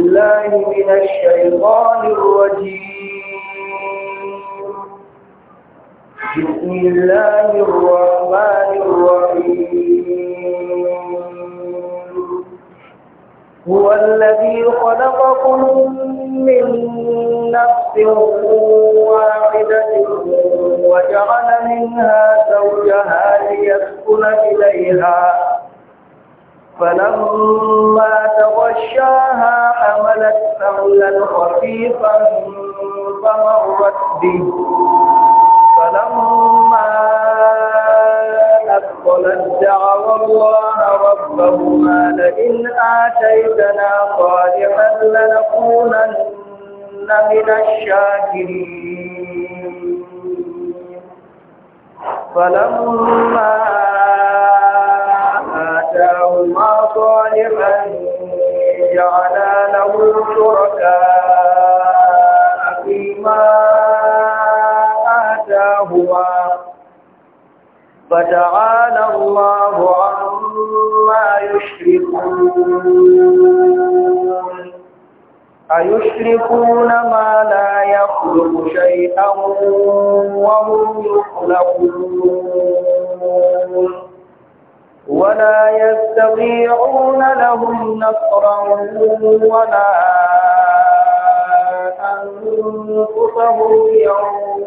بالله من الشيطان الرجيم بسم الله الرحمن الرحيم هو الذي خلقكم من نفس واحدة وجعل منها زوجها ليسكن إليها فلما تغشاها حملت حملا خفيفا فمرت به فلما أثقلت دعوا الله ربهما لئن آتيتنا صالحا لنكونن من الشاكرين فلما آتاهما صالحا جعلا له شركاء فيما آتاهما فتعالى الله عما يشركون أيشركون ما لا يخلق شيئا وهم يخلقون ولا يستطيعون لهم نصرا ولا أنفسهم يرون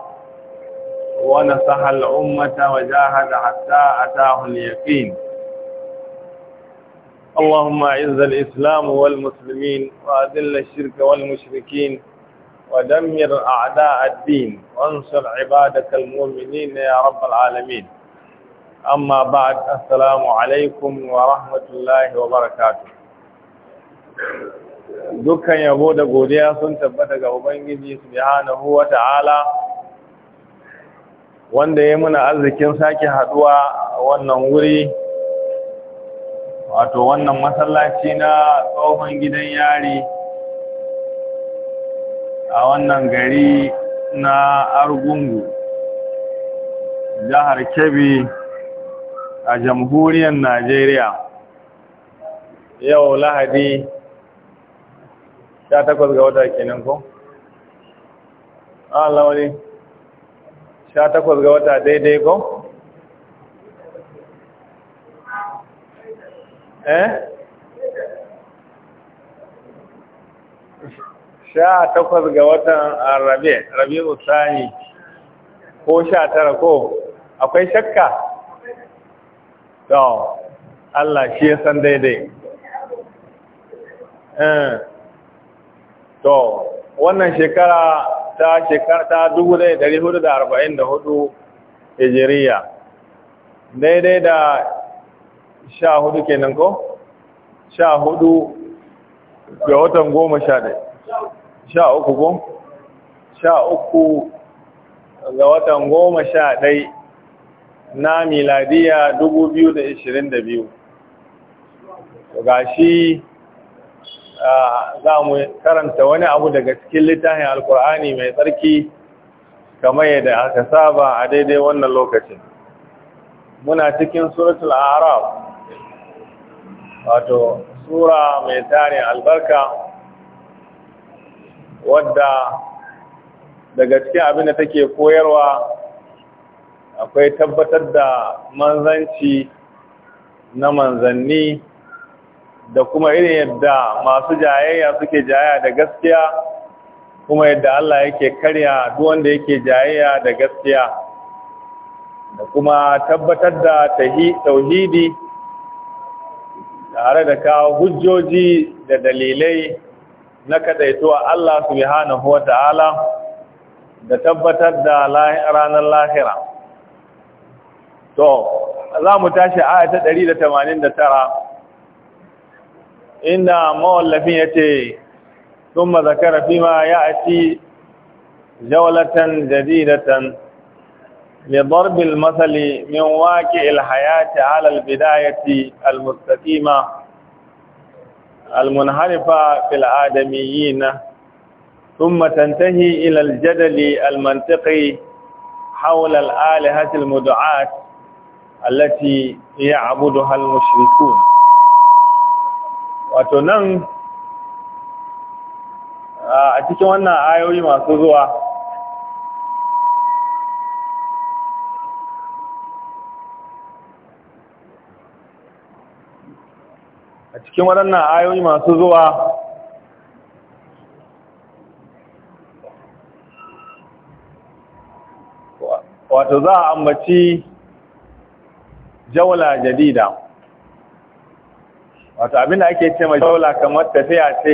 ونصح الأمة وجاهد حتى أتاه اليقين اللهم أعز الإسلام والمسلمين وأذل الشرك والمشركين ودمر أعداء الدين وانصر عبادك المؤمنين يا رب العالمين أما بعد السلام عليكم ورحمة الله وبركاته dukkan yabo da godiya sun tabbata ga Ubangiji subhanahu wa ta'ala wanda ya muna arzikin sake haduwa wannan wuri wato wannan masallaci na tsohon gidan yari a wannan gari na argungu jihar kebbi a jamhuriyar najeriya yau lahadi 18 ga wata kenan ko? Allah wani sha takwas ga wata daidai ko? eh? sha takwas ga watan rabe rabe usani ko sha tara ko akwai shakka? to Allah shi ya san daidai eh. to wannan shekara ta shekara ta hudu hijiriya daidai da sha hudu kenan ko? sha hudu ga watan goma sha ɗai sha uku ko? sha uku ga watan goma sha ɗai na miladiya 2022 ga shi za mu karanta wani abu daga cikin littafin alkur'ani mai tsarki kamar yadda aka saba a daidai wannan lokacin muna cikin suratul araf wato sura mai tarin albarka wadda daga cikin abin da take koyarwa akwai tabbatar da manzanci na manzanni da kuma irin yadda masu jayayya suke jayayya da gaskiya kuma yadda Allah yake karya duk wanda yake jayayya da gaskiya da kuma tabbatar da tauhidi tare da kawo hujjoji da dalilai na kadaituwa Allah su subhanahu wa ta'ala da tabbatar da ranar lahira to za mu tashi aya ta 189 إن مؤلفيته ثم ذكر فيما يأتي جولة جديدة لضرب المثل من واقع الحياة على البداية المستقيمة المنحرفة في الآدميين ثم تنتهي إلى الجدل المنطقي حول الآلهة المدعاة التي يعبدها المشركون wato nan a cikin wannan ayoyi masu zuwa a cikin waɗannan ayoyi masu zuwa wato za a ambaci jawla jadida wato abinda ake ce mai daula kamar tafiya ce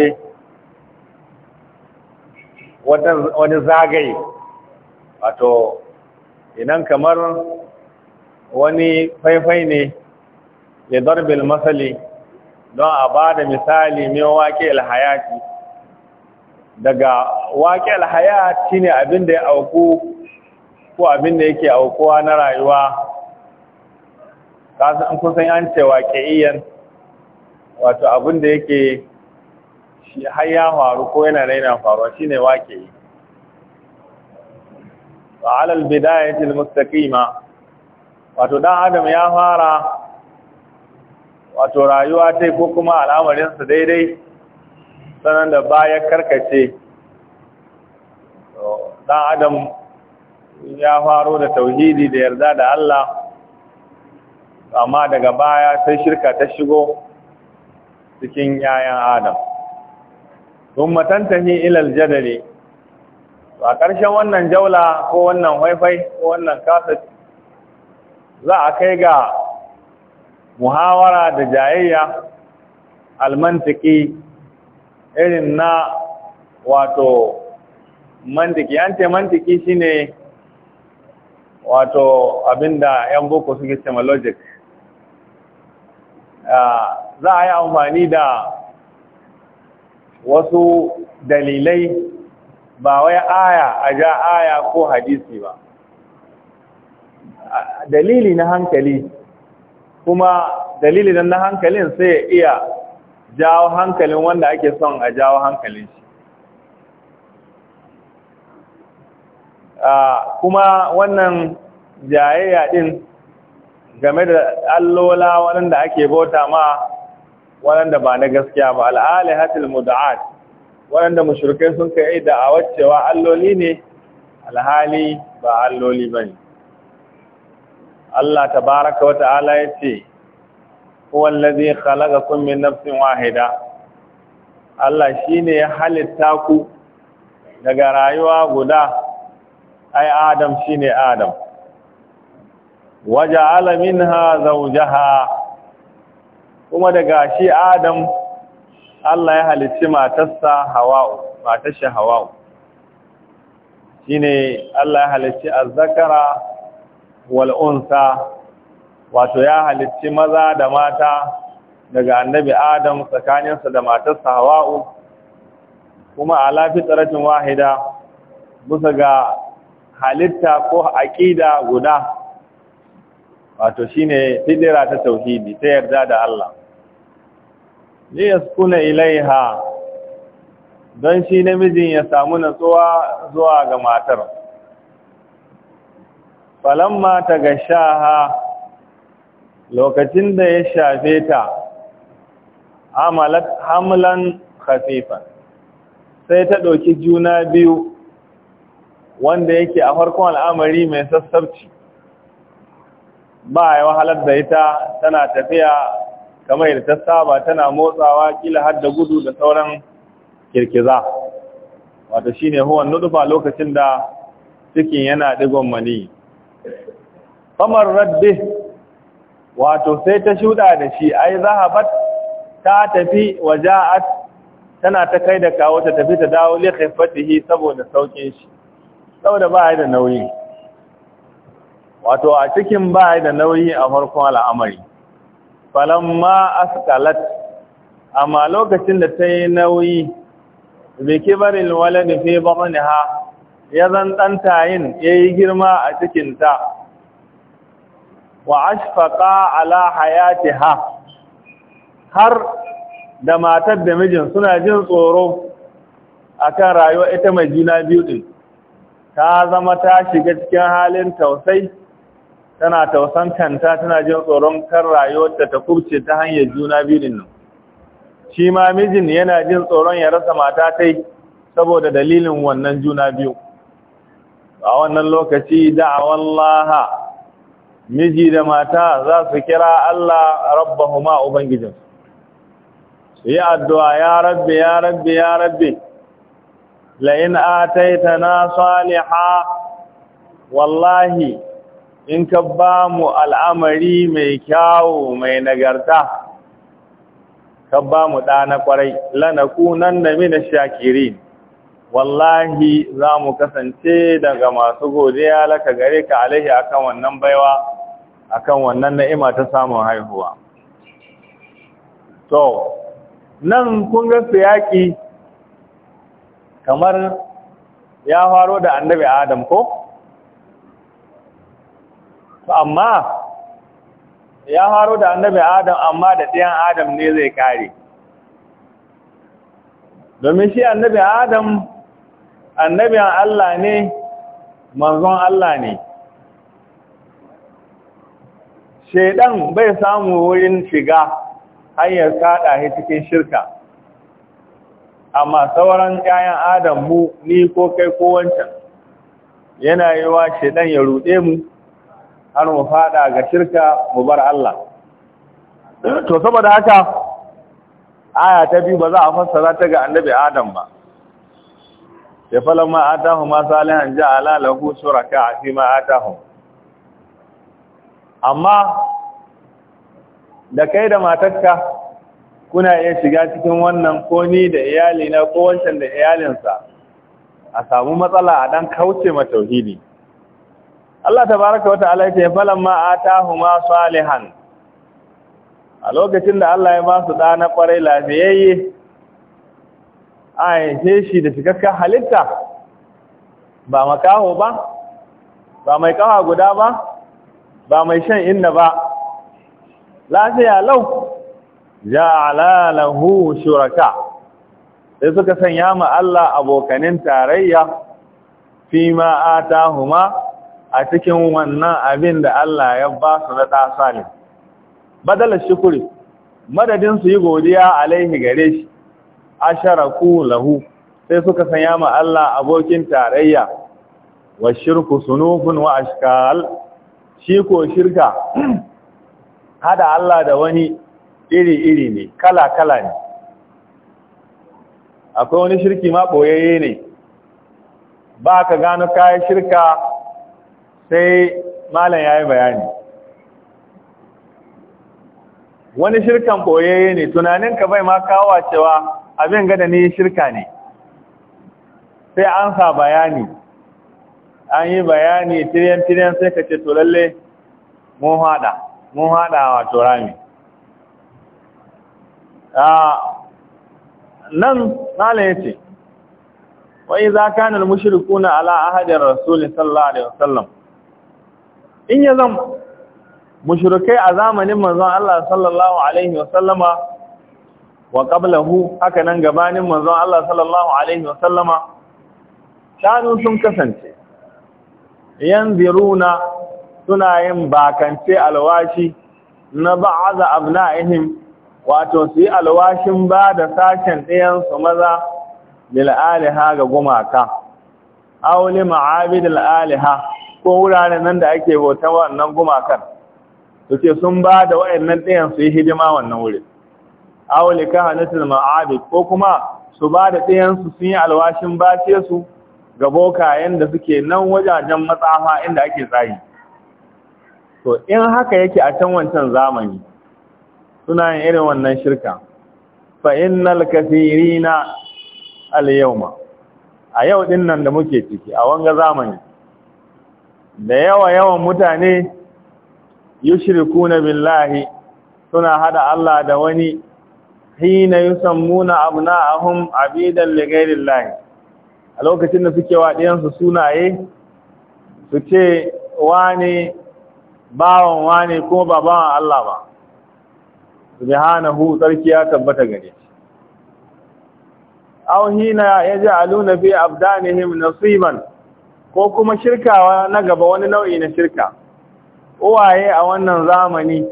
wani zagaye wato idan kamar wani faifai ne ya darbil masali don a ba da misali ne waƙe alhayati daga waƙe alhayati shine abinda ya auku ko abin yake aukuwa na rayuwa kasan kusan yance wake iyan wato abin da yake shi har ya faru ko yana da yana faruwa shine wake yi wa alal bidayati mustaƙima wato ɗan adam ya fara wato rayuwa ce ko kuma al'amarinsa daidai sanan da baya karkace Ɗan adam ya faru da tauhidi da yarda da Allah amma daga baya sai shirka ta shigo cikin ‘ya'yan Adam. Sun matantani ilal jadari, a ƙarshen wannan jaula ko wannan haifai ko wannan kasat za a kai ga muhawara da jayayya almantiki irin na wato mantiki. An ce mantiki shine wato abinda ‘yan boko suke ce logic. za a yi amfani da wasu dalilai ba wai aya a ja aya ko hadisi ba dalili na hankali kuma dalili na hankalin sai ya iya jawo hankalin wanda ake son a jawo hankalin shi kuma wannan jayayya din game da allola waɗanda ake bauta ma waɗanda ba na gaskiya ba al'alihatul mud'at waɗanda mushrikai sun kai da a waccewa alloli ne alhali ba alloli bane Allah tabaraka wa ta'ala yace zai halaga khalaqakum min nafsin wahida Allah shine ya halitta ku daga rayuwa guda ai Adam shine Adam waja'ala minha zawjaha kuma daga shi Adam Allah ya halicci matarsa Hawa'u matar shi Hawa'u shine Allah ya halicci az-zakara wal unsa wato ya halicci maza da mata daga annabi Adam tsakaninsa da matarsa Hawa'u kuma ala fitratin wahida bisa ga halitta ko aqida guda wato ne hijira ta tauhidi ta yarda da Allah li yaskuna ilaiha don shi namijin ya samu natsuwa zuwa ga matar falon mata ga shaha lokacin da ya shafe ta hamlan kasifa sai ta ɗauki juna biyu wanda yake a farkon al'amari mai sassabci ba ya wahalar da ita tana tafiya kamar da ta saba tana motsawa kila har da gudu da sauran kirkiza wato shine huwan nudufa lokacin da cikin yana digon mani famar radde wato sai ta shuda da shi ai zahabat ta tafi waja'at tana ta kai da kawo ta tafi ta dawo li khifatihi saboda saukin shi saboda ba ya da nauyi wato a cikin ba da nauyi a farkon al'amari falamma askalat amma lokacin da ta yi nauyi bi wale da fi ha. ya zan yin tayin yi girma a cikinta. ta wa ashfaqa ala ha. har da matar da mijin suna jin tsoro a kan rayuwa ita mai juna biyu ɗin ta zama ta shiga cikin halin tausai tana tausan kanta tana jin tsoron kan rayuwarta ta kurce ta hanyar juna biyun nan shi ma mijin yana jin tsoron ya rasa mata tai saboda dalilin wannan juna biyu a wannan lokaci da'awallaha miji da mata za su kira Allah rabbahuma ubangijin su yi addu'a ya rabbi ya rabbi ya rabbi la in ataitana saliha wallahi in ka ba mu al'amari mai kyawo mai nagarta ka ba mu ɗa na ƙwarai nan da mina shakiri wallahi za mu kasance daga masu godiya laka gare ka alaihi akan wannan baiwa akan wannan na'ima ta samun haihuwa to nan kun ga yaƙi kamar ya faro da annabi adam ko to amma ya haro da annabi adam amma da ɗayan adam ne zai kare domin shi annabi adam annabiyan Allah ne manzon Allah ne shaidan bai samu wurin shiga hanyar kada shi cikin shirka amma sauran 'ya'yan adam mu ni ko kai ko wancan yana yiwa shaidan ya ruɗe mu har mu fada ga shirka mu bar Allah to saboda haka aya ta biyu ba za a fassara ta ga annabi Adam ba ya atahu ma salihan ja'ala lahu shuraka fi ma atahu amma da kai da matarka kuna iya shiga cikin wannan ko ni da iyali na ko wancan da iyalinsa a samu matsala a dan kauce ma tauhidi Allah tabaraka wa ta'ala yace falamma atahuma salihan a lokacin da Allah ya ba su da na kwarai lafiyayye ai sai shi da cikakken halitta ba makaho ba ba mai kawa guda ba ba mai shan inna ba lafiya lau ja'ala lahu shuraka sai suka sanya ma Allah abokanin tarayya fi ma atahuma a cikin wannan abin da Allah ya ba su na ɗasa ne. Badala shukuri, madadin su yi godiya a laihi gare shi, asharaku lahu, sai suka sanya ma Allah abokin tarayya, wa shirku sunufin wa ashkal, shi ko shirka, hada Allah da wani iri-iri ne, kala-kala ne. Akwai wani shirki ma ɓoyayye ne, ba ka gano kayan shirka sai malam ya yi bayani wani shirkan ɓoyayye ne tunaninka bai ma kawo cewa abin gada ne shirka ne sai an sa bayani an yi bayani tiriyan-tiriyan sai ka ce to lalle mun hada, mun haɗa to rami nan malam ya ce wa iza kana al-mushrikuna ala ahadi rasul sallallahu alaihi wasallam in ya zan mushrikai a zamanin manzon Allah sallallahu alaihi wasallama wa qablahu haka nan gabanin manzon Allah sallallahu alaihi wasallama shanu sun kasance yanziruna suna yin bakance alwashi na ba'aza abna'ihim wato su yi alwashin ba da sashen ɗayansu maza lil'aliha ga gumaka auli ma'abidil aliha ko wuraren nan da ake bautan wannan gumakan suke sun ba da wayannan ɗayan su yi hidima wannan wurin awali ka hanatul ma'abid ko kuma su ba da ɗayan su sun yi alwashin bashe su ga bokayen da suke nan wajajen matsafa inda ake tsayi to in haka yake a can wancan zamani suna yin irin wannan shirka fa innal kathirina al yawma a yau din nan da muke ciki a wanga zamani da yawa yawan mutane na billahi suna hada Allah da wani hina yusammuna abna'ahum abidan li a lokacin da suke wa sunaye su ce wani bawan wani kuma ba bawan Allah ba subhanahu sarki ya tabbata gare shi aw hina yaj'aluna fi abdanihim nasiban ko kuma shirkawa na gaba wani nau'i na shirka uwaye a wannan zamani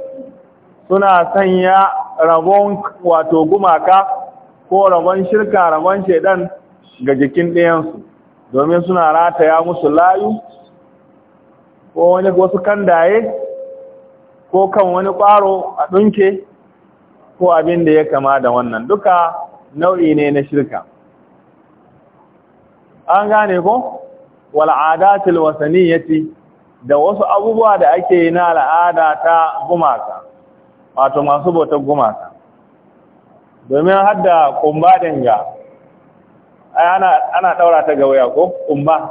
suna sanya rabon wato gumaka ko rabon shirka rabon shedan ga jikin ɗayansu domin suna rataya musu layu ko wani wasu kandaye ko kan wani ƙwaro a ɗunke ko abin da ya kama da wannan duka nau'i ne na shirka an gane ko wal adatil wasaniyati da wasu abubuwa da ake yi na al'ada ta gumaka wato masu bautar gumaka domin hadda kumba dinga ana ana daura ta ga waya ko kumba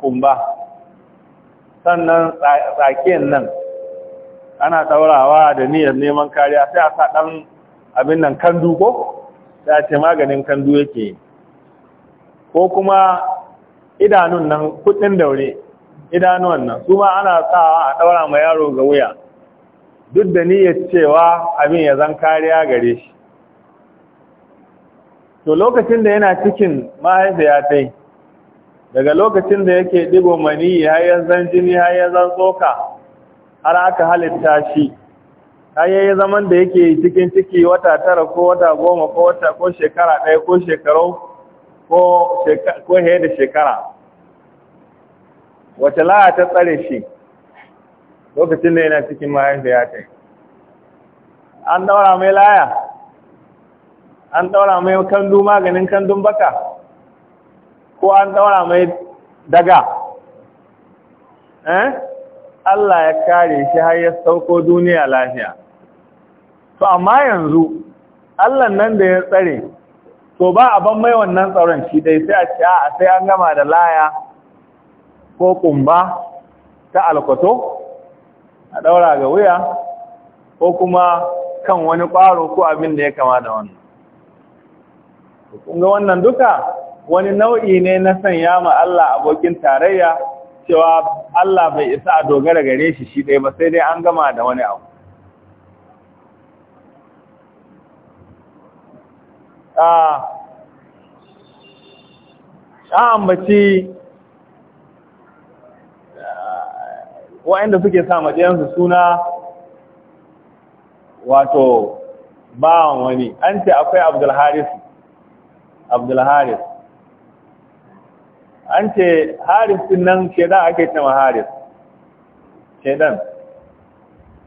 kumba sannan tsakiyan nan ana daurawa da niyyar neman kariya sai a sa dan abin nan kandu ko sai a ce maganin kandu yake ko kuma idanun nan kudin daure idanun nan su ma ana sawa a daura ma yaro ga wuya duk da niyyar cewa abin ya zan kariya gare shi to lokacin da yana cikin mahaifiya tai daga lokacin da yake digo mani har ya zan jini har ya zan tsoka har aka halitta shi har zaman da yake cikin ciki wata tara ko wata goma ko wata ko shekara ɗaya ko shekaru ko he da shekara wace la'a ta tsare shi lokacin da yana cikin ya ta an daura mai laya an daura mai kandu maganin kandun baka ko an daura mai daga eh Allah ya kare shi har ya sauko duniya lafiya to amma yanzu Allah nan da ya tsare to ba a ban mai wannan tsaron shi dai sai a ce a sai an gama da laya ko kumba ta alkwato a daura ga wuya ko kuma kan wani ƙwaro ko abin da ya kama da wannan kunga wannan duka wani nau'i ne na sanya ma Allah abokin tarayya cewa Allah bai isa a dogara gare shi shi ɗaya ba sai dai an gama da wani abu a ambaci wa'anda suke sa matsayansu suna wato bawan wani an ce akwai abdulharis abdulharis an ce haris din nan da ake cewa haris dan?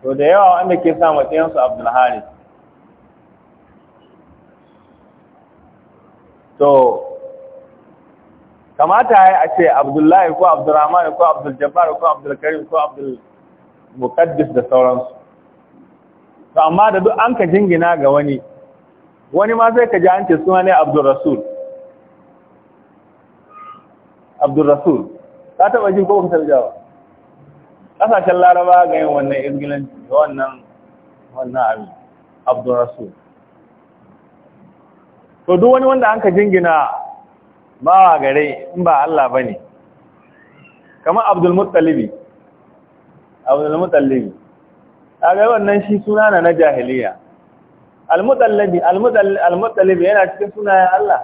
to da yawa wanda ke sa matsayinsu abdulharis to kamata ya a ce abdullahi ko abdurrahman ko abdul ko abdul-karim ko abdul da sauransu to amma da duk an ka jingina ga wani wani ma zai ka ji an ce suna ne abdul-rasul abdul-rasul ta taba ji ko kusa jawa kasashen laraba ga yin wannan izgilanci da wannan wannan abin abdul-rasul to duk wani wanda an ka jingina wa gare in ba Allah ba ne kamar Abdul abdulmuttalibi a ga wannan shi suna na na jahiliya al almuttalibi yana cikin sunayen Allah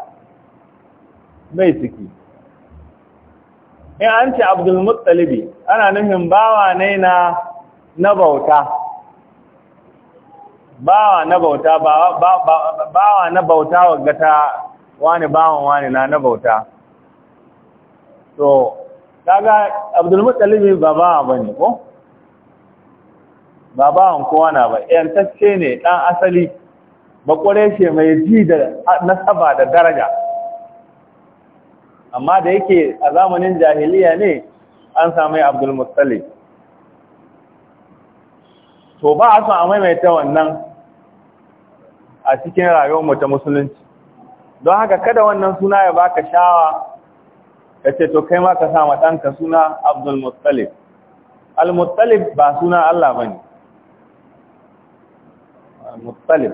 mai ciki in an ce Abdul abdulmuttalibi ana nufin bawa ne na na bauta bawa na bauta wa na bauta wagga ta wani bawan wani na na bauta to kaga abdulmutsalibi ba bawa bane ko ba bawan kowa na ba yantacce ne dan asali bakware ce mai ji da nasaba da daraja amma da yake a zamanin jahiliya ne an sami abdulmutsalibi to ba a son a maimaita wannan a cikin rayuwar ta musulunci don haka kada wannan suna ya baka shawa ka ce to kai ma ka sa ɗanka suna abdul muttalib al muttalib ba suna Allah bane al muttalib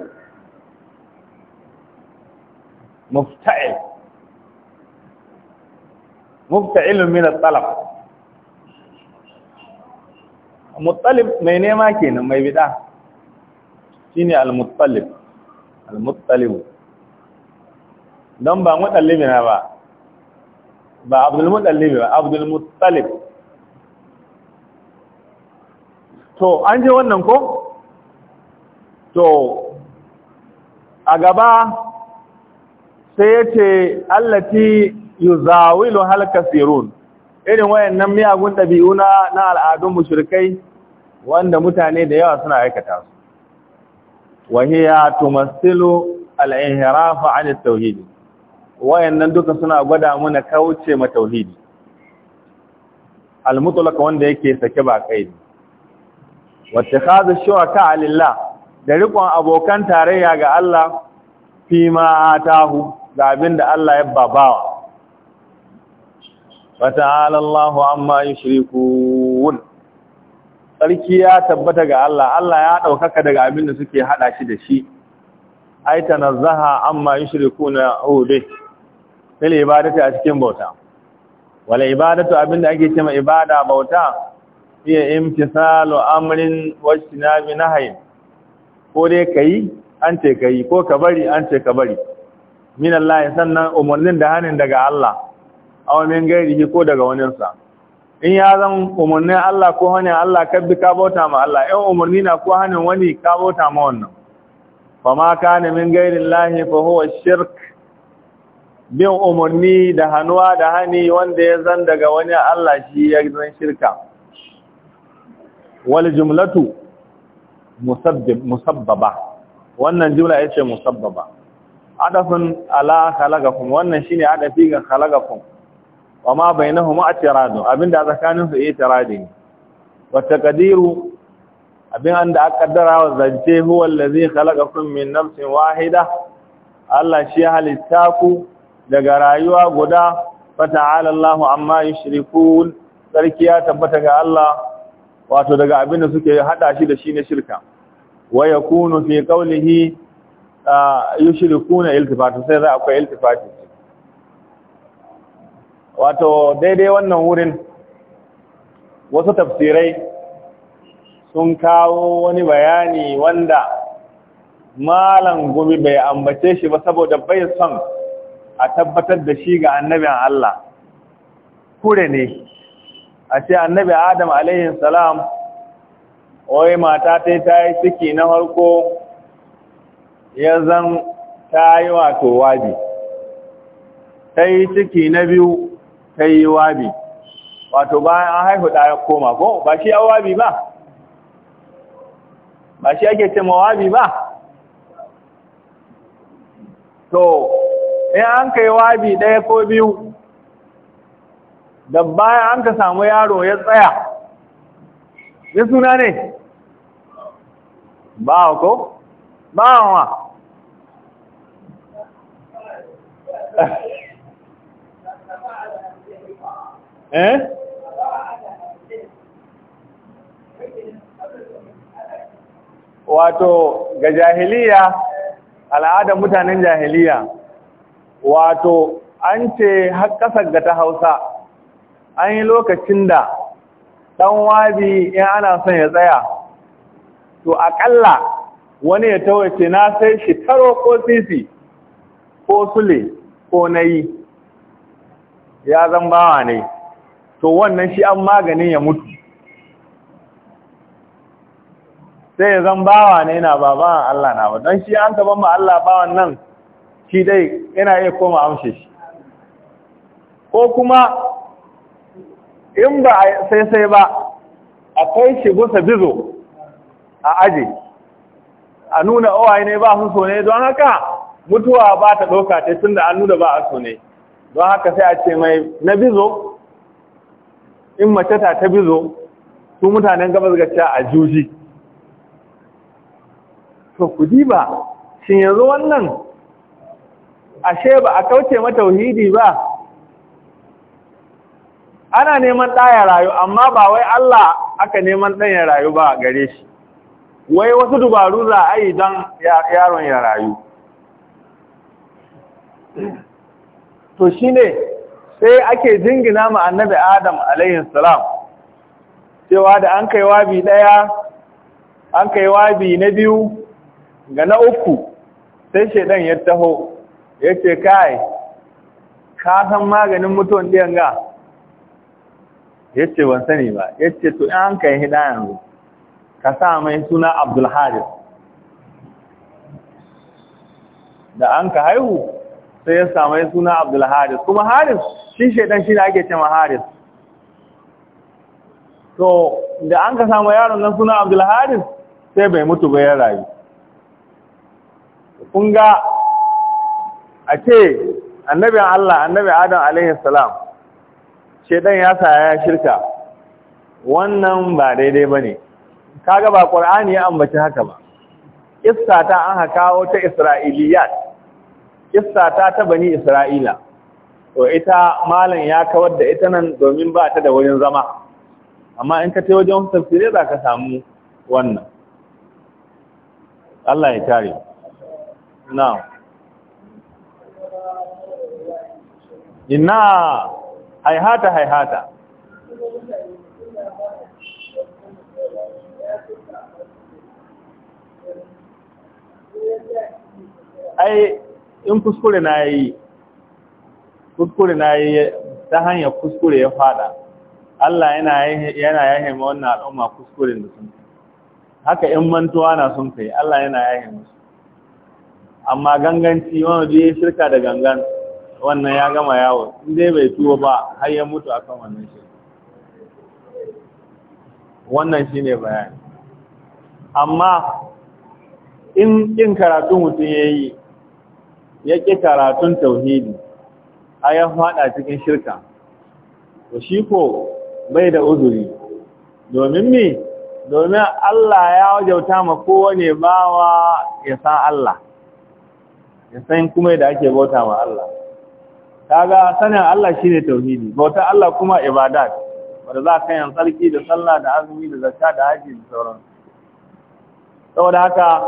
mufta'il mufta'il min al-talab muttalib mai nema kenan mai bid'a shine al muttalib al-muttalibu don ba muttalibu na ba ba abdul ba abdul to an je wannan ko to a gaba sai ya ce allati yuzawilu sirun irin wayannan miyagun ɗabi'u na al'adun mashirkai wanda mutane da yawa suna aikata su wahiya tumassilu al-inhirafa an at wayannan duka suna gwada muna kauce ma tauhidi al-mutlaq wanda yake sake ba kai wattakhadhu shuraka lillah da rikon abokan tarayya ga Allah fi ma atahu ga abinda Allah ya babawa fata'ala Allahu amma yushrikun tsarki ya tabbata ga Allah Allah ya ɗaukaka daga abin da suke haɗa shi da shi ai tanazzaha amma na ude fili ibadatu a cikin bauta Wale ibadatu abin da ake cima ibada bauta iya na bi na hain, ko dai ka yi an ce ka yi, ko ka bari an ce ka bari min Allah sannan umarnin da hannun daga Allah A min ko daga waninsa in ya zan umarnin Allah ko hannun Allah kabbi ka bauta ma Allah ‘yan umarni na ko hannun wani ka bauta ma wannan ba ma ka min gairin lahi fa huwa shirk bin umarni da hannuwa da hani wanda ya zan daga wani Allah shi ya zan shirka wal jumlatu musabbaba wannan jumla ya ce musabbaba adafin ala khalaqakum wannan shine adafi ga khalaqakum wa ma bainahuma atiradu abinda tsakanin su itiradi ne wa taqdiru abin da aka kaddara wa zance huwa allazi khalaqakum min nafsin wahida Allah shi halitta ku daga rayuwa guda fata'ala Allah amma yushrikun sarki ya tabbata ga Allah wato daga abinda suke hada shi da shi ne shirka wa yakunu fi qawlihi ah, yushrikuna iltifatu sai za akwai iltifati wato daidai wannan wurin wasu tafsirai sun kawo wani bayani wanda malam gumi bai ambace shi ba saboda bai son a tabbatar da shi ga annabin Allah kure ne a ce annabi adam alaihi salam wai mata ta ta yi ciki na harko ya zan ta yi wato waje. ta yi ciki na biyu ta yi wabi wato bayan an haihu da ya koma ko ba shi ya wabi ba ba shi ake ce wabi ba to in an kai wabi ɗaya ko biyu da bayan an ka samu yaro ya tsaya ya suna ne ba ko ba wa Eh? wato ga jahiliya al'adar mutanen jahiliya wato an ce har ga ta hausa an yi lokacin da ɗan wabi in ana son ya tsaya to aƙalla wani ya tawace na sai shi taro ko sisi ko sule ko na yi ya zan bawa ne to wannan shi an maganin ya mutu sai ya zan bawa ne na ba bawan Allah na ba don shi an taban ma Allah bawan nan shi dai yana iya koma amshe shi ko kuma in ba sai sai ba a kai shi gusa bizo a aji a nuna owaye ne ba su so ne don haka mutuwa ba ta ɗauka ta tun da an nuna ba a so ne don haka sai a ce mai na bizo in mace ta ta bizo su mutanen gabas gaciya a juji to ku diba shin yanzu wannan ashe ba a kauce mata uhidi ba ana neman ɗaya rayu amma ba wai Allah aka neman ɗaya rayu ba gare shi wai wasu dubaru za a yi don yaron ya rayu to shi ne sai ake jingina ma annabi adam alaihi salam cewa da an kai wabi daya an kai wabi na biyu ga na uku sai shedan ya taho ya kai ka san maganin mutuwan ɗiyan ga ya ban sani ba ya to in an kai hida yanzu ka sa mai suna abdulharis da an ka haihu sai ya samu suna Abdul kuma Haris shi shedan shi da ake cewa Haris to da an ka samu yaron nan suna Abdul sai bai mutu bai rayu kun ga a ce annabin Allah annabi Adam alaihi salam ya sa ya shirka wannan ba daidai ba ne kaga ba ƙwar'ani ya ambaci haka ba Iska ta an haka kawo ta Isra'iliyat kissa ta ta bani Isra'ila to ita malam ya kawar da ita nan domin ba ta da wurin zama amma in ka ta wajen tafsirai za ka samu wannan Allah ya tare. Now. inna haihata haihata ai in kuskure na yi kuskure na yi ta hanyar kuskure ya fada Allah yana yana yahe ma wannan al'umma kuskuren da sun haka in mantuwa na sun kai Allah yana yahe musu amma ganganci wanda da ya shirka da gangan wannan ya gama yawo in dai bai tuwo ba har ya mutu kan wannan shi wannan shine bayani amma in kin karatu mutum yi ya ƙi karatun tauhidi a ya faɗa cikin shirka to shi ko bai da uzuri domin me domin Allah ya wajauta ma kowane bawa ya san Allah ya san kuma da ake bauta ma Allah kaga sanin Allah shine tauhidi bauta Allah kuma ibadat wanda za ka yin tsarki da sallah da azumi da zakka da haji da sauran saboda haka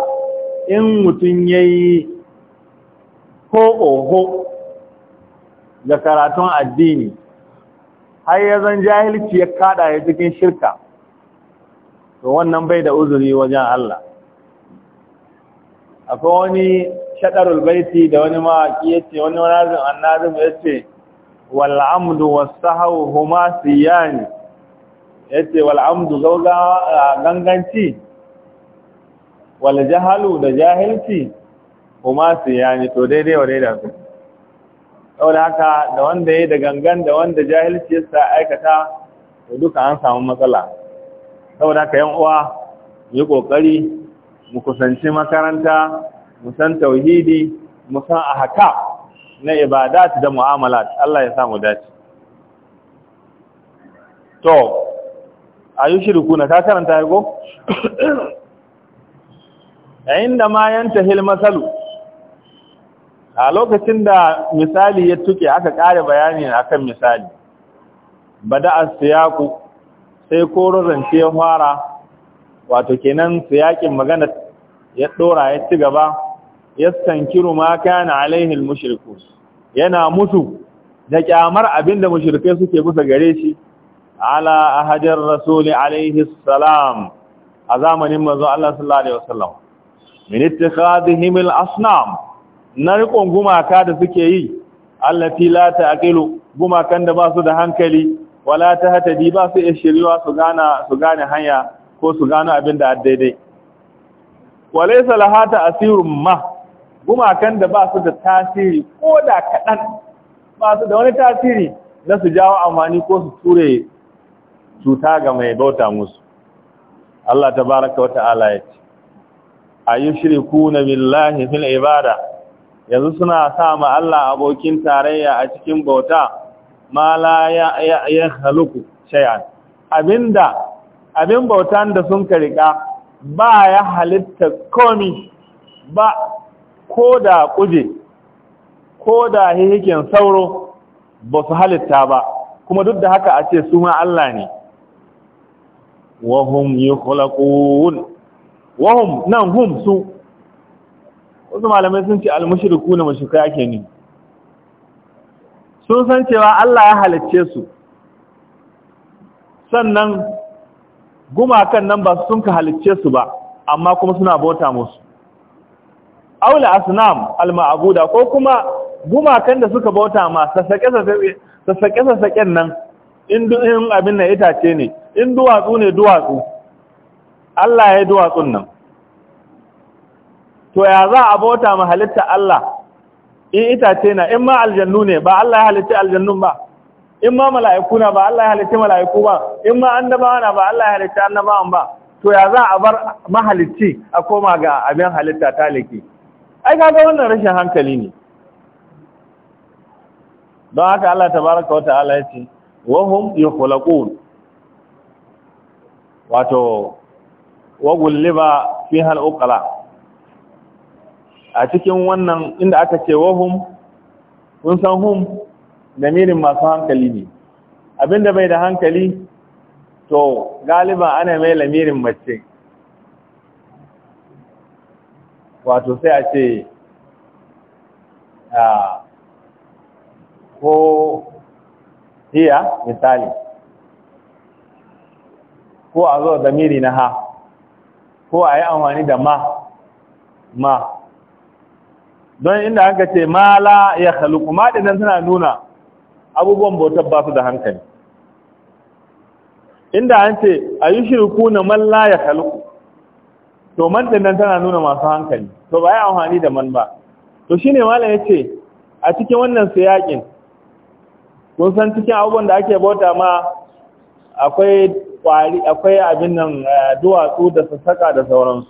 in mutum yayi ko oho da karatun addini har ya zan jahilci ya kada ya cikin shirka to wannan bai da uzuri wajen Allah akwai wani shadarul baiti da wani mawaki yace wani wani annazim yace wal amdu wasu huma siyani yace wal amdu gauga ganganci wal jahalu da jahilci kuma su yani to daidai wa daidai su saboda haka da wanda ya yi da gangan da wanda jahilci ya sa aikata da duka an samu matsala saboda haka yan uwa yi kokari mu kusanci makaranta mu san tauhidi mu san haka na ibadat da mu'amala, Allah ya samu dace to ayushirku Rukuna ta karanta yago inda ma yanta al-masalu a lokacin da misali ya tuke aka ƙara bayani akan misali bada asiyaku sai koron rance ya fara wato kenan siyakin magana ya ɗora, ya ci gaba ya yastankiru ma kana alaihin almushrikus yana mutu da kyamar abinda mashirkai suke busa gare shi ala hajjar rasuli alaihi salam a zamanin mazu Allah sallallahu alaihi wasallam min ittikhadihim al-asnam na riƙon gumaka da suke yi allati la taqilu gumakan da ba su da hankali wala tahtadi ba su iya shiriwa su gana su gane hanya ko su gano abin da daidai walaysa lahata asirun ma gumakan da ba su da tasiri ko da kadan ba su da wani tasiri da su jawo amfani ko su ture cuta ga mai bauta musu Allah tabaraka wa ta'ala ya ce na billahi fil ibada yanzu suna sa ma Allah abokin tarayya a cikin bauta ma la ya haluku shay'an abinda abin bautan da sun karika ba ya halitta komi ba ko da kuje ko da hihikin sauro ba su halitta ba kuma duk da haka a ce su ma Allah ne wahum yukhlaqun wahum nan hum su wasu malamai sun ce almushriku na mashirka ake ne sun san cewa Allah ya halicce su sannan gumakan nan ba sun ka halicce su ba amma kuma suna bauta musu aula asnam Alma'abuda, ko kuma gumakan da suka bauta ma sassaƙe sassaƙen nan in abin na itace ne in duwatsu ne duwatsu Allah ya yi duwatsun nan to ya za a bauta ma halitta Allah in itace na in ma aljannu ne ba Allah ya halitta aljannu ba in ma mala'iku na ba Allah ya halitta mala'iku ba in ma annabawa na ba Allah ya halitta annabawan ba to ya za a bar mahalicci a koma ga abin halitta taliki ai kaga wannan rashin hankali ne don haka Allah tabaraka wa ta'ala ya ce wa hum yukhlaqun wato wa gulliba fiha al uqla a cikin wannan inda aka ce wahum kun san hum damirin masu hankali ne abinda bai da hankali to galiba ana mai lamirin mace wato sai a ce ko hiya misali ko a zo damiri na ha ko a yi amfani da ma ma don inda an ce mala ya haluku ma dinan suna nuna abubuwan bautar ba su da hankali inda an ce a yi shirku na man la ya haluku to man dinan tana nuna masu hankali to ba ya amfani da man ba to shine ya ce, a cikin wannan su yaƙin kun san cikin abubuwan da ake bauta ma akwai akwai abin nan eh, duwatsu da sassaƙa da sauransu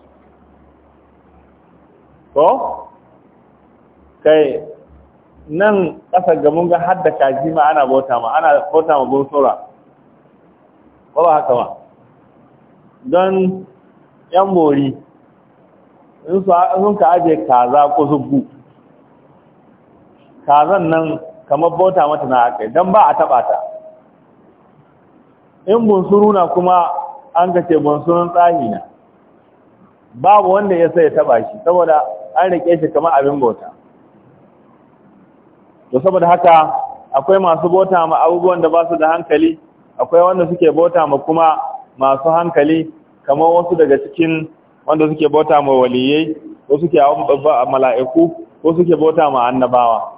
kai eh, nan ƙasa ga mun ga hadda kaji ma ana bauta ma ana bauta ma gunsura ko ba haka ma don yan mori in sun ka aje kaza ko zubbu kazan nan kamar bauta mata na haka don ba a taɓa ta in bunsuru na kuma an ga ce bunsurun tsahi na babu wanda ya sai ya taɓa shi saboda an rike shi kamar abin bauta to saboda haka akwai masu bota ma abubuwan da ba su da hankali akwai wanda suke bota ma kuma masu hankali kamar wasu daga cikin wanda suke bota ma waliyai ko suke mala'iku ko suke bota ma annabawa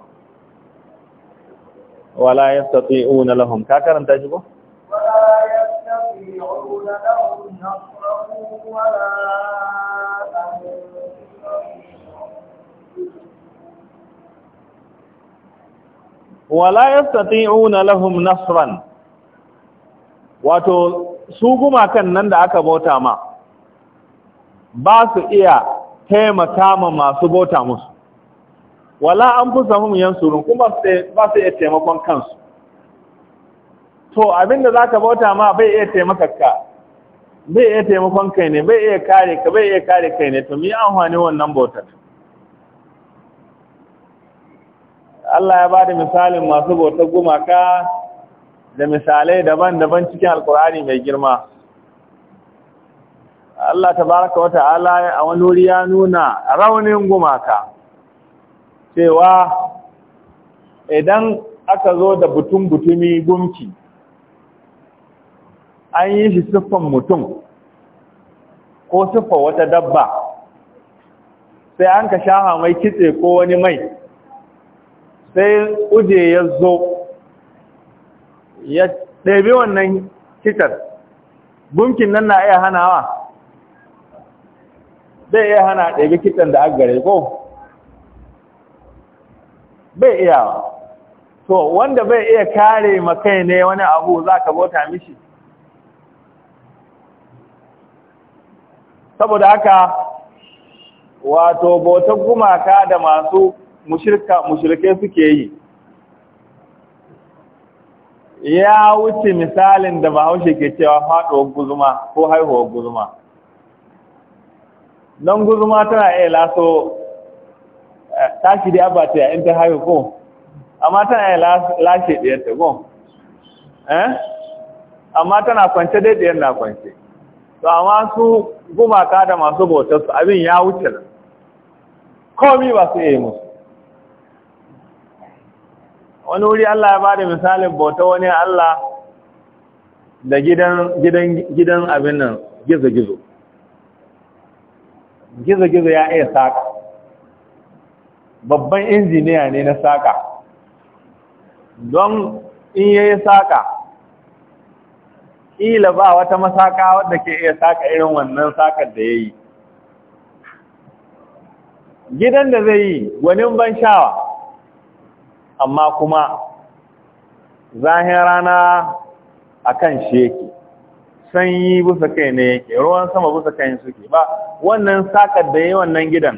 wala yastati'una lahum ka karanta shi ko wala yastati'una lahum nasran wala wala yastati'una lahum nasran wato su gumakan nan da aka bota ma ba su iya taimaka ma masu bota musu wala an fusa hum yansurun kuma ba su iya taimakon kansu to abinda zaka bota ma bai iya taimakaka bai iya taimakon kai ne bai iya kare ka bai iya kare kai ne to mi amfani wannan bautar Allah ya ba da misalin masu bautar gumaka da misalai daban-daban cikin alkur'ani mai girma Allah Ta baraka tabaraka ala a wani wuri ya nuna raunin gumaka cewa idan aka zo da butun-butumi gumki an yi shi siffan mutum ko siffa wata dabba sai an ka sha mai kitse ko wani mai sai uje ya zo ya ɗabi wannan kitar gunkin nan na iya hanawa bai iya hana ɗabi kitar da agare ko bai iya to wanda bai iya kare makai ne wani abu za ka bota mishi saboda haka wato bautar gumaka da masu mushirka mushirke suke yi ya wuce misalin da bahaushe ke cewa faɗuwar guzuma ko haihuwar guzuma don guzuma tana iya laso eh, tashi da abata yayin ta haihu ko amma tana iya lashe ɗiyarta ko eh? amma tana kwance dai ɗiyar na kwance to amma su gumaka da masu bautarsu abin ya wuce nan komi ba su iya yi musu wani wuri Allah ya ba da misalin bauta wani Allah da gidan abin nan gizo-gizo gizo-gizo ya iya saƙa babban injiniya ne na saƙa don in ya yi saƙa ƙila ba wata masaka wadda ke iya saƙa irin wannan saƙar da ya yi gidan da zai yi gwanin ban sha'awa. amma kuma zahirana a kan shi yake sanyi busa kai ne yake ruwan sama busa kai suke ba wannan sakar da yi wannan gidan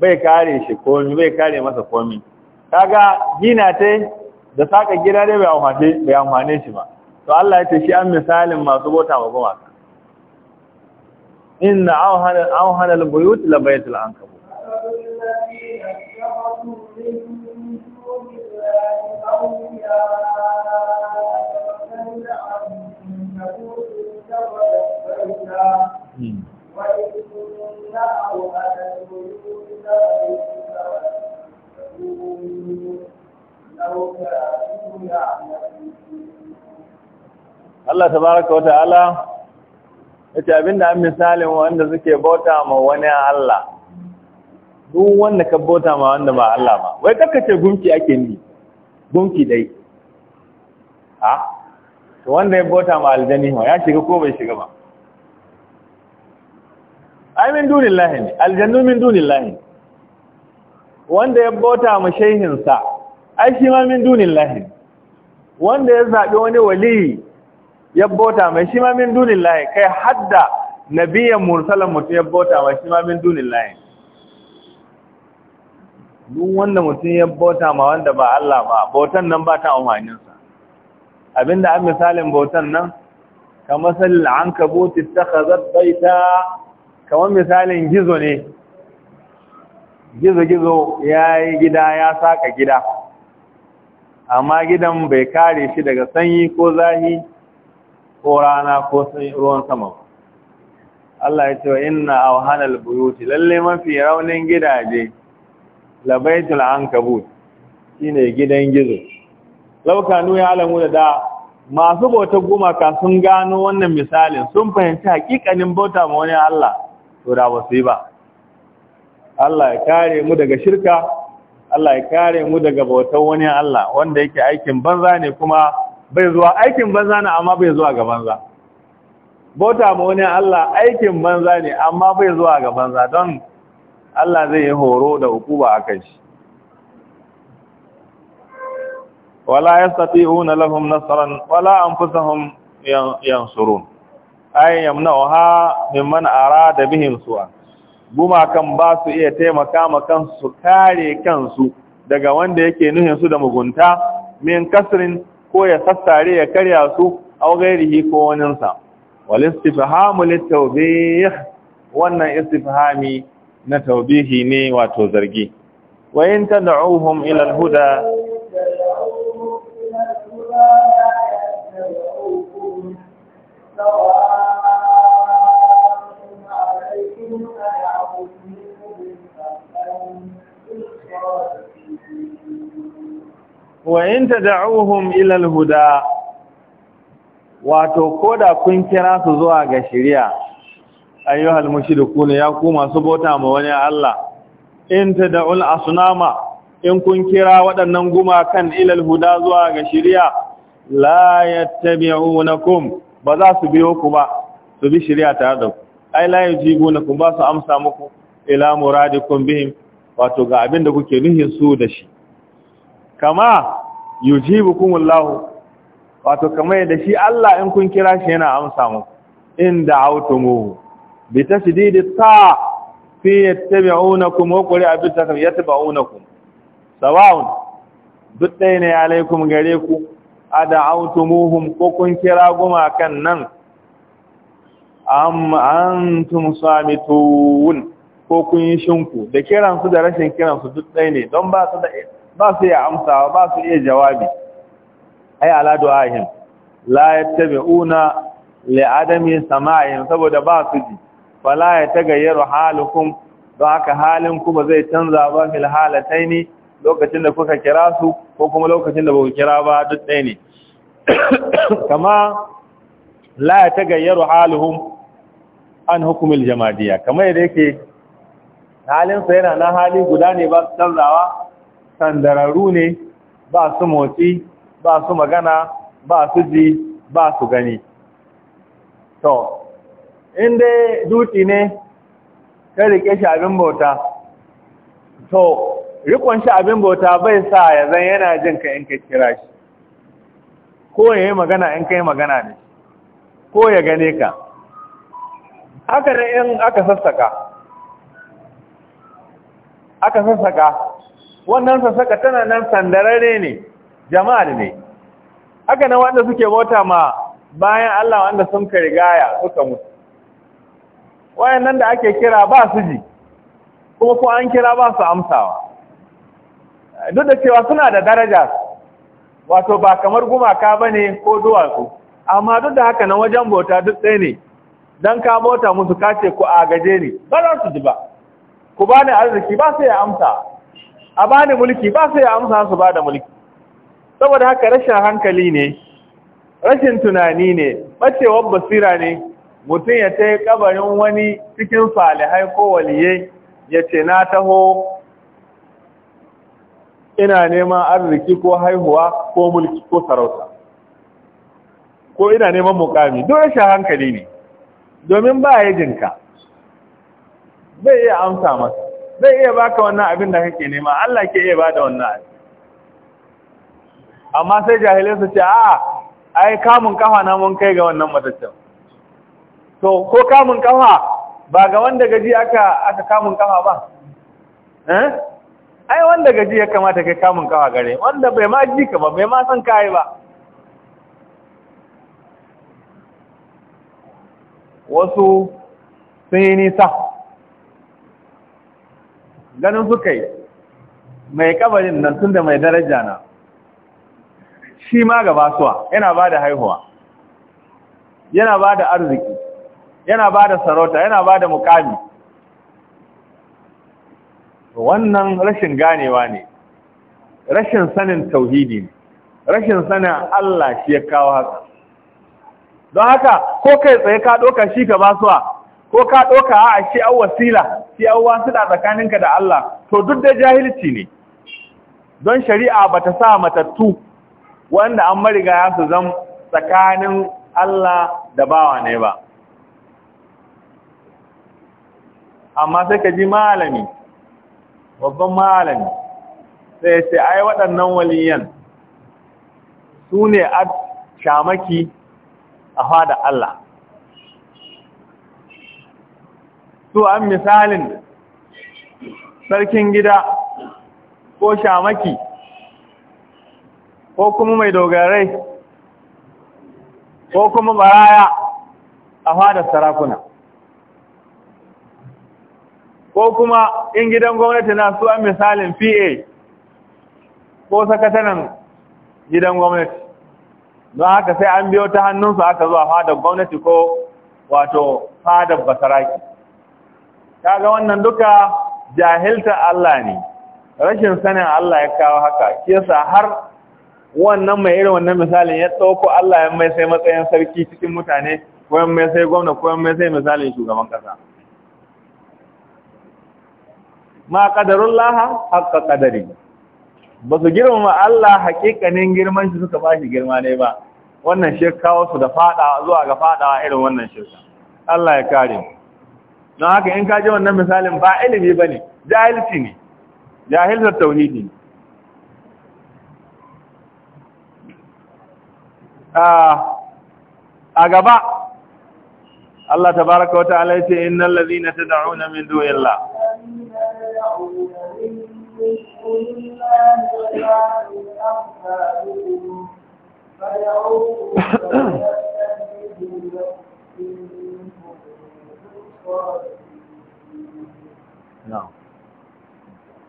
bai kare shi komi bai kare masa komi kaga gina ta da sakar gida dai bai amfane shi ba to Allah ya ce shi an misalin masu bota wa gowa inna auhanal buyut la baytul ankabut Allah tabaraka wata'ala yace abinda an misalin wanda suke bauta ma wani Allah duk wanda ka bauta ma wanda ba Allah ba wai kaka ce gunki ake ni gunki dai ha to wanda ya bota ma aljani ho ya shiga ko bai shiga ba ai min dunillahi aljannu min dunillahi wanda ya bota ma sa ai shi ma min dunillahi wanda ya zaɓi wani wali ya bota mai shi ma min dunillahi kai hadda nabiyyan mursalan mutum ya bota mai shi ma min dunillahi duk wanda mutum ya bauta ma wanda ba Allah ba bautan nan ba ta amfaninsa abinda an misalin bautan nan kamar salil an kabuti ta kazar baita kamar misalin gizo ne gizo-gizo ya yi gida ya saka gida amma gidan bai kare shi daga sanyi ko zahi ko rana ko ruwan sama Allah ya ce wa a wahanar buyuti lalle mafi raunin gidaje labaitul ankabut shine gidan gizo laukanu ya alamu da da masu bautar gumaka sun gano wannan misalin sun fahimci hakikanin bauta ma wani Allah to da ba yi ba Allah ya kare mu daga shirka Allah ya kare mu daga bautar wani Allah wanda yake aikin banza ne kuma bai zuwa aikin banza ne amma bai zuwa ga banza bauta ma wani Allah aikin banza ne amma bai zuwa ga banza don Allah zai yi horo da a kai shi wala yastati'una lahum nasarar, wala an anfusahum yansurun ay ara mimman bihin bihim Guma gumakan ba su iya taimaka ma kansu kare kansu daga wanda yake nuhin su da mugunta min kasrin ko ya sassare ya karya su aw ghairihi ko waninsa wal istifhamu litawbih wannan istifhami na taubihi ne wato zargi wa in tad'uhum ila al-huda wa in tad'uhum ila al-huda wato koda kun kira su zuwa ga shari'a ayyuhal mushrikuna ya ku masu bauta ma wani Allah in tad'ul asnama in kun kira waɗannan kan ilal huda zuwa ga shari'a la yattabi'unakum ba za su biyo ku ba su bi shari'a tare da ku ai la yujibunakum ba su amsa muku ila muradikum bihim wato ga abin da kuke nuhin su da shi kama yujibukumullahu wato kamar da shi Allah in kun kira shi yana amsa muku in da'awtumuhu bi tashdid at-ta fi yattabi'unakum wa qari'a bi takam yattabi'unakum sawa'un duk ɗaya ne alaikum gare ku ada'autumuhum ko kun kira gumakan nan am antum samitun ko kun yi shinku da kiran su da rashin kiran su duk ɗaya ne don ba su da ba su iya amsawa ba su iya jawabi ai ala du'ahim la yattabi'una li adami sama'in saboda ba su ji fala ya tagayyaru halukum don haka halin ku ba zai canza ba fil halataini lokacin da kuka kira su ko kuma lokacin da ba kira ba duk ɗaya ne kama la ya tagayyaru haluhum an hukumil jamadiya Kama yadda yake halinsa yana na hali guda ne ba su canzawa sandararru ne ba su motsi ba su magana ba su ji ba su gani to in dai dutse ne ka rike shi abin bauta to rikon shi abin bauta bai sa ya zan yana jin ka in ka kira shi ko ya yi magana in ka yi magana ne ko ya gane ka haka ne in aka sassaka aka sassaka wannan sassaka tana nan sandarare ne jama'ar ne haka na wanda suke bauta ma bayan Allah wanda sun karigaya suka mutu wayannan da ake kira ba su ji kuma ko an kira ba su amsawa duk da cewa suna da daraja wato ba kamar gumaka ba ne ko duwatsu amma duk da haka na wajen bauta duk ɗaya ne don ka bauta musu kace ku a gaje ne ba za su ji ba ku ba ni arziki ba su ya amsa a ba ni mulki ba su ya amsa su ba da mulki saboda haka rashin hankali ne rashin tunani ne ɓacewar basira ne mutum ya ce kabarin wani cikin salihai ko waliye ya ce na taho ina neman arziki ko haihuwa ko mulki ko sarauta ko ina neman mukami don shi hankali ne domin ba ya jinka Zai iya amsa masa Zai iya baka wannan abin da kake nema Allah ke iya bada wannan abin amma sai jahilai su ce a'a ai kamun kafa na mun kai ga wannan mataccen to ko kamun kafa ba ga wanda gaji aka aka kamun kafa ba eh ai wanda gaji ya kamata kai kamun kafa gare wanda bai ma ji ka ba bai ma san kai ba wasu sun yi nisa ganin suka yi mai kabarin nan tun da mai daraja na shi ma gaba suwa yana ba da haihuwa yana ba da arziki yana ba da sarauta yana ba da mukami wannan rashin ganewa ne rashin sanin tauhidi ne rashin sanin Allah shi ya kawo haka don haka ko kai tsaye ka ɗauka shi ka basuwa ko ka ɗauka a shi an wasila shi an da tsakaninka da Allah to duk da jahilci ne don shari'a ba ta sa matattu wanda an mariga ya su zan tsakanin Allah da bawa ne ba amma sai ka ji malami babban malami sai sai ai waɗannan waliyan su ne a shamaki a fada Allah su an misalin sarkin gida ko shamaki ko kuma mai dogarai ko kuma baraya a fada sarakuna ko kuma in gidan gwamnati na su an misalin PA ko sakataren gidan gwamnati don haka sai an biyo ta hannunsu aka zuwa fadar gwamnati ko wato fadar basaraki ga wannan duka jahilta Allah ne rashin sanin Allah ya kawo haka kesa har wannan mai irin wannan misalin ya ɗauko Allah ya mai sai matsayin sarki cikin mutane ko ya mai sai gwamna ko ya mai sai misalin shugaban kasa. ma Laha, haka ƙadari. ba su girmama Allah hakikanin girman shi suka shi girma ne ba wannan shirkawo su da fada zuwa ga fadawa irin wannan shirka Allah ya kare don haka in kaji wannan misalin ba ilimi ba ne jahilci ne jahilzar tauhidi ne a gaba Allah ta baraka wata alaice ta'ala lalzi na ta da'una min Allah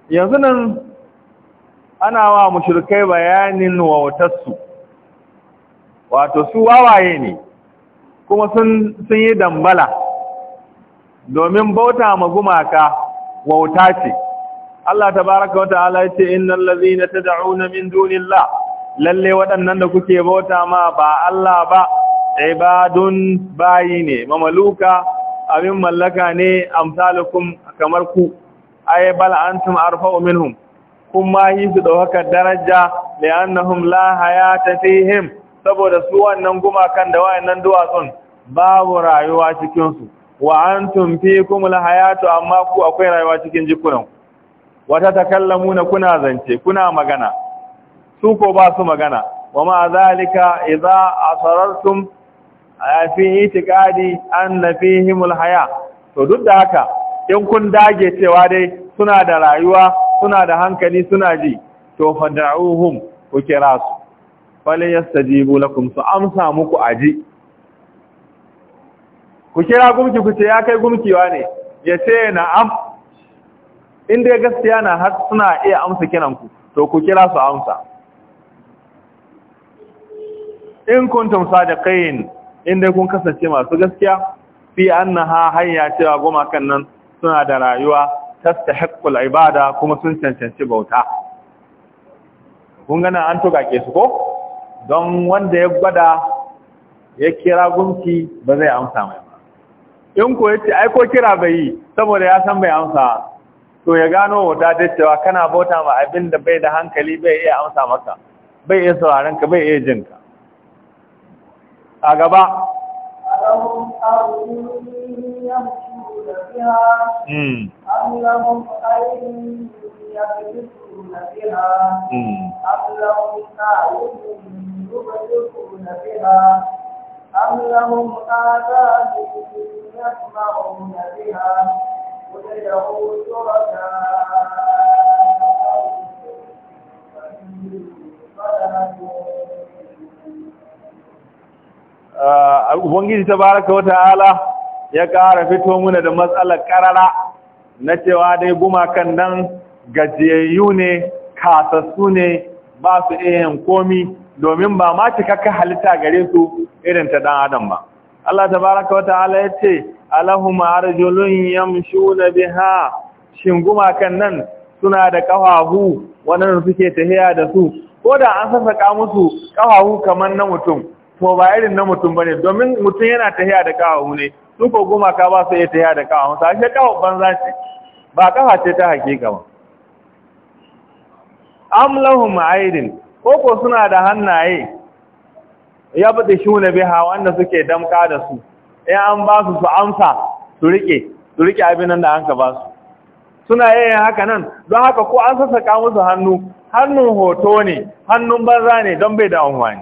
Yanzu nan ana wa mushirkai bayanin wautarsu, wato su wawaye ne, kuma sun yi dambala domin bauta ma gumaka wauta ce Allah tabaraka wa ta'ala ya ce innal ladzina tad'una min dunillah lalle waɗannan da kuke bauta ma ba Allah ba ibadun bayi ne mamaluka abin mallaka ne amsalukum kamar ku ay bal antum arfa'u minhum kuma yi su ɗaukar daraja li'annahum la hayata fihim saboda su wannan gumakan da wayannan duwatsun babu rayuwa cikinsu. wa antum fikum alhayatu amma ku akwai rayuwa cikin jikunan wata na kuna zance kuna magana su ko ba su magana wa ma zalika idza asarartum fi na fi fihim haya to duk da haka in kun dage cewa dai suna da rayuwa suna da hankali suna ji to fad'uhum ku kira su fal yastajibu lakum su amsa muku aji ku kira gumki ku ce ya kai gumkiwa ne ya ce na am. inda ya gaskiya na har suna iya amsa kinanku, to ku kira su amsa in kuntum sadiqin inda kun kasance masu gaskiya fi annaha hayya cewa gumakan nan suna da rayuwa tastahiqul ibada kuma sun cancanci bauta kun gana an tuka ke su ko don wanda ya gwada ya kira gunki ba zai amsa mai in ko yace ai ko kira bai yi saboda ya san bai amsa to ya gano wata da cewa kana bauta ma abin da bai da hankali bai iya amsa maka bai iya sauraron ka bai iya jin ka a gaba Mm. أم لهم آذان يسمعون بها قل Ubangiji ta baraka wa ta'ala ya ƙara fito muna da matsalar ƙarara na cewa dai gumakan nan gajiyayyu ne, kasassu ne, ba su iya komi domin ba ma cikakka halitta gare su irin ta dan adam ba Allah tabaraka wa ta'ala yace alahum arjulun yamshuna biha shin gumakan nan suna da kafahu wannan suke tahiya da su ko da an sassaka musu kafahu kamar na mutum to ba irin na mutum bane domin mutum yana tahiya da kafahu ne su ko ka ba su iya tahiya da kafahu sai kafahu banza ce ba kafa ce ta hakika ba am lahum aidin koko suna da hannaye ya bude shuna biha wanda suke damka da su ya an ba su su amsa su rike su rike abin nan da an ka ba su suna yayin haka nan don haka ko an sassaka musu hannu hannun hoto ne hannun banza ne don bai da amfani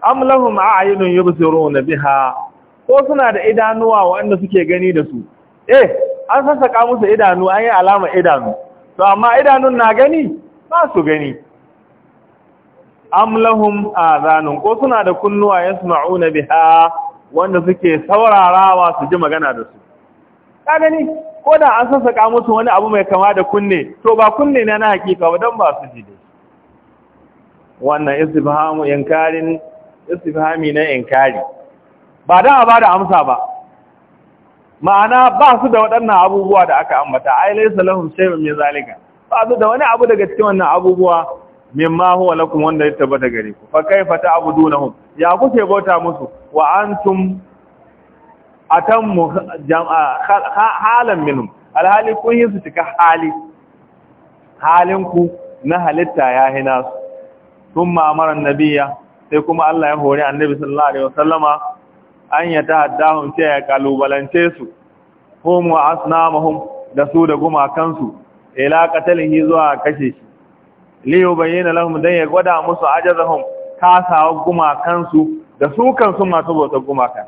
am lahum a'yunun yubsiruna biha ko suna da idanuwa wanda suke gani da su eh an sassaka musu idanu an yi alama idanu to amma idanun na gani ba su gani amlahum azanun ko suna da kunnuwa yasma'una biha wanda suke saurarawa su ji magana da su ka gani ko da an sassaka musu wani abu mai kama da kunne to ba kunne ne na hakika ba don ba su ji dai wannan istifhamu inkarin istifhami na inkari ba da a bada amsa ba ma'ana ba su da waɗannan abubuwa da aka ambata ai laysa lahum shay'un min zalika ba da wani abu daga cikin wannan abubuwa mimma huwa lakum wanda ya tabbata gare ku fa kaifa ta'budunahu ya kuke bauta musu wa antum atammu halan minhum alhali kun yi su cika hali halin ku na halitta ya hina su thumma amara nabiya sai kuma Allah ya hori annabi sallallahu alaihi wasallama an ya tahaddahum sai ya kalubalance su hum wa asnamahum da su da gumakansu ila yi zuwa kashe shi li bayyana lahum dan ya gwada musu ajazahum kasawa guma kansu da su kansu masu guma gumakan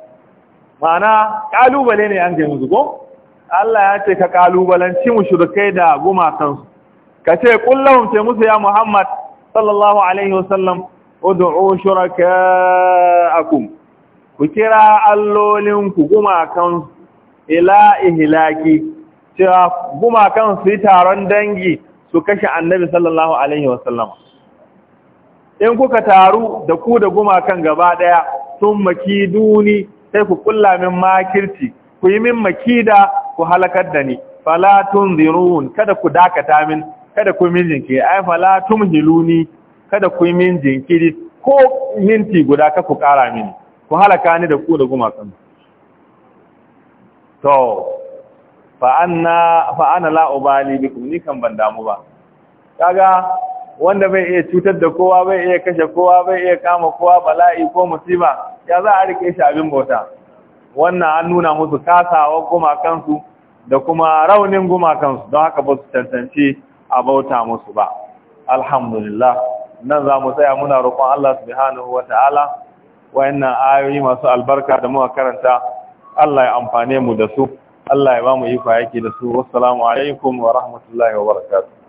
ma'ana kalubale ne an ga musu ko Allah ya ce ka kalubalanci mushrikai da kansu ka kace kullahum ce musu ya Muhammad sallallahu alaihi wasallam ud'u shurakaakum ku kira guma gumakan ila ihlaki cewa gumakan su yi taron dangi su kashe annabi sallallahu alaihi wasallam in kuka taru da ku da gumakan gaba daya sun maki duni sai ku kulla min makirci ku yi min makida ku halakar da ni fala tunzirun kada ku dakata min kada ku min jinkiri ai fala tumhiluni kada ku min jinkiri ko minti guda ka ku kara mini ku halaka ni da ku da gumakan to fa'ana la'ubali bikum ni kan ban damu ba kaga wanda bai iya cutar da kowa bai iya kashe kowa bai iya kama kowa bala'i ko musiba ya za a rike shi abin bauta wannan an nuna musu kasawa gumakansu da kuma raunin gumakansu don haka ba su tantance a bauta musu ba alhamdulillah nan za mu tsaya muna roƙon Allah subhanahu wa ta'ala wayannan ayoyi masu albarka da muka karanta Allah ya amfane mu da su Allah ya ba mu yi aiki da su wassalamu alaikum wa rahmatullahi wa barakatuh